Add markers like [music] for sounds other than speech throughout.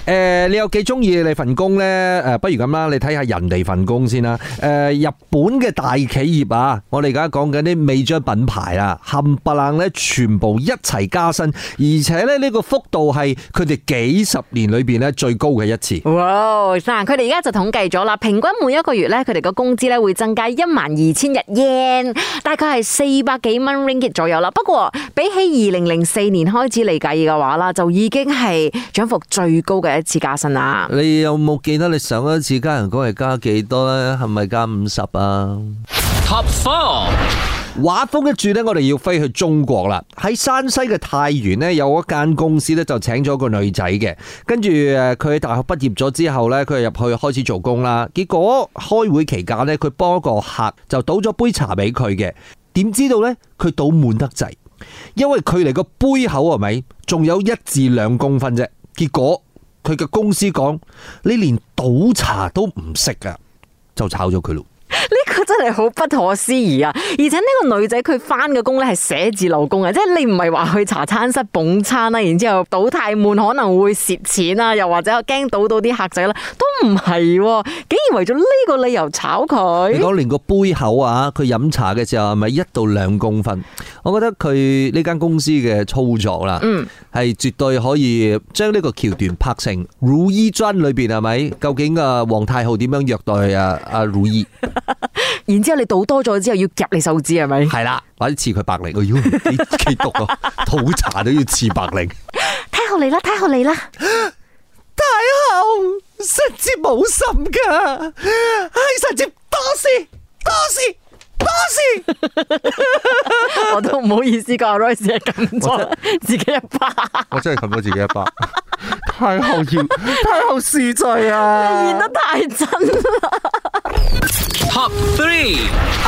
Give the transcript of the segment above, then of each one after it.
誒、呃，你有幾中意你份工呢？誒、呃，不如咁啦，你睇下人哋份工先啦。誒、呃，日本嘅大企業啊，我哋而家講緊啲美妝品牌啊，冚唪唥咧全部一齊加薪，而且呢，呢個幅度係佢哋幾十年裏邊咧最高嘅一次。哇！佢哋而家就統計咗啦，平均每一個月咧，佢哋個工資咧會增加一萬二千日元，大概係四百幾蚊 ringgit 左右啦。不過比起二零零四年開始嚟計嘅話啦，就已經係漲幅最高嘅一次加薪啦！你有冇記得你上一次加人工係加幾多咧？係咪加五十啊？Top Four 畫風一轉呢，我哋要飛去中國啦。喺山西嘅太原呢，有一間公司呢，就請咗個女仔嘅。跟住誒，佢喺大學畢業咗之後呢，佢入去開始做工啦。結果開會期間呢，佢幫個客就倒咗杯茶俾佢嘅。點知道呢？佢倒滿得滯，因為距離個杯口係咪仲有一至兩公分啫？結果。佢嘅公司講，你連倒茶都唔識啊，就炒咗佢咯。佢真係好不可思議啊！而且呢個女仔佢翻嘅工咧係寫字樓工啊，即係你唔係話去茶餐室捧餐啦，然之後倒太滿可能會蝕錢啊，又或者我驚倒到啲客仔啦，都唔係、哦，竟然為咗呢個理由炒佢。如果連個杯口啊，佢飲茶嘅時候係咪一到兩公分？我覺得佢呢間公司嘅操作啦、啊，嗯，係絕對可以將呢個橋段拍成《如懿傳》裏邊係咪？究竟啊，皇太后點樣虐待啊？啊，如懿。然之後你倒多咗之後要夾你手指係咪？係啦，或者刺佢白靈，我如果幾毒啊， [laughs] 倒茶都要刺白靈。太后嚟啦！太后嚟啦！太后，臣子無心噶，係臣子多事，多事，多事。 [laughs] 我都唔好意思講，個阿 Royce 係咁做，我 [laughs] 自己一巴。我真係冚到自己一巴。 [laughs] 太后要，太后恕罪啊！你演得太真啦！ [laughs] Top three,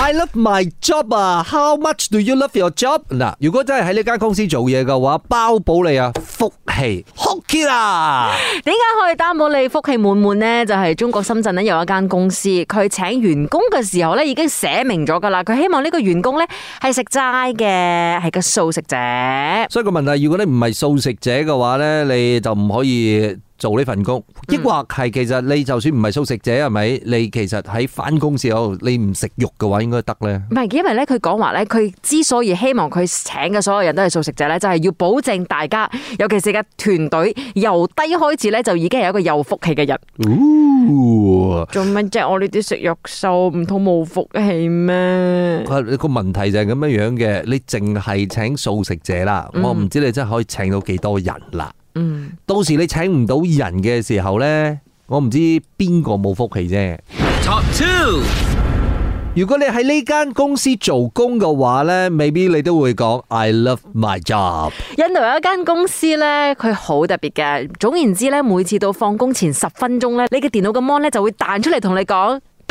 I love my job 啊！How much do you love your job？嗱，如果真係喺呢間公司做嘢嘅話，包保你啊，福氣，福氣啦！點解可以擔保你福氣滿滿咧？就係中國深圳咧有一間公司，佢請員工嘅時候咧已經寫明咗㗎喇，佢希望呢個員工咧係食齋嘅，係個素食者。所以個問題，如果你唔係素食者嘅話咧，你就唔可以，做呢份工，抑或係其實你就算唔係素食者係咪？嗯、你其實喺返工時候，你唔食肉嘅話，話，應該得呢？唔係，因為咧佢講話咧，佢之所以希望佢請嘅所有人都係素食者咧，就係、是、要保證大家，尤其是個團隊由低開始咧，就已經係一個有福氣嘅人。做乜啫？我呢啲食肉獸唔通冇福氣咩？佢個問題就係咁樣樣嘅，你淨係請素食者啦，我唔知你真係可以請到幾多人啦。嗯，到時你請唔到人嘅時候呢，我唔知邊個冇福氣啫。Top two，如果你喺呢間公司做工嘅話呢，未必你都會講 I love my job。印度有一間公司呢，佢好特別嘅。總言之呢，每次到放工前十分鐘呢，你嘅電腦嘅 mon 呢就會彈出嚟同你講。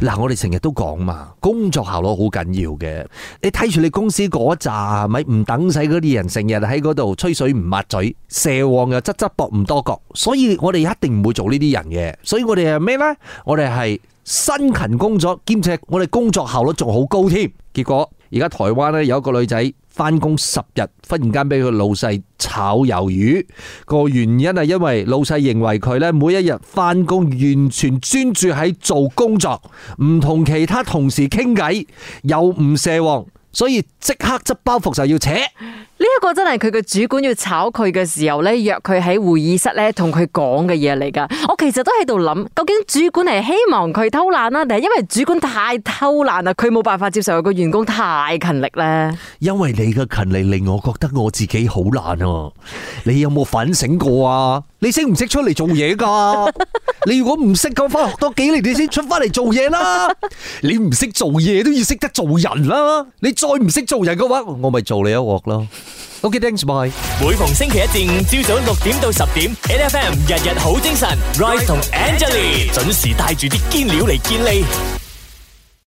嗱，我哋成日都講嘛，工作效率好緊要嘅。你睇住你公司嗰紮咪唔等使嗰啲人，成日喺嗰度吹水唔抹嘴，蛇王又側側膊唔多覺，所以我哋一定唔會做呢啲人嘅。所以我哋係咩呢？我哋係辛勤工作兼且我哋工作效率仲好高添。結果。而家台灣咧有一個女仔返工十日，忽然間俾佢老細炒魷魚，個原因係因為老細認為佢咧，每一日返工完全專注喺做工作，唔同其他同事傾偈，又唔蛇王。所以即刻執包袱就要扯，呢一個真係佢嘅主管要炒佢嘅時候呢，約佢喺會議室呢同佢講嘅嘢嚟噶。我其實都喺度諗，究竟主管係希望佢偷懶啦，定係因為主管太偷懶啦，佢冇辦法接受個員工太勤力咧？因為你嘅勤力令我覺得我自己好懶啊。你有冇反省過啊？你識唔識出嚟做嘢噶？ [laughs] 你如果唔識，講翻學多幾年你先出翻嚟做嘢啦。你唔識做嘢都要識得做人啦、啊。你。再唔識做人嘅話，我咪做你一鑊咯。Okay，thanks bye。每逢星期一至五朝早六點到十點，NFM 日日好精神。Rise 同 Angelina 準時帶住啲堅料嚟堅利。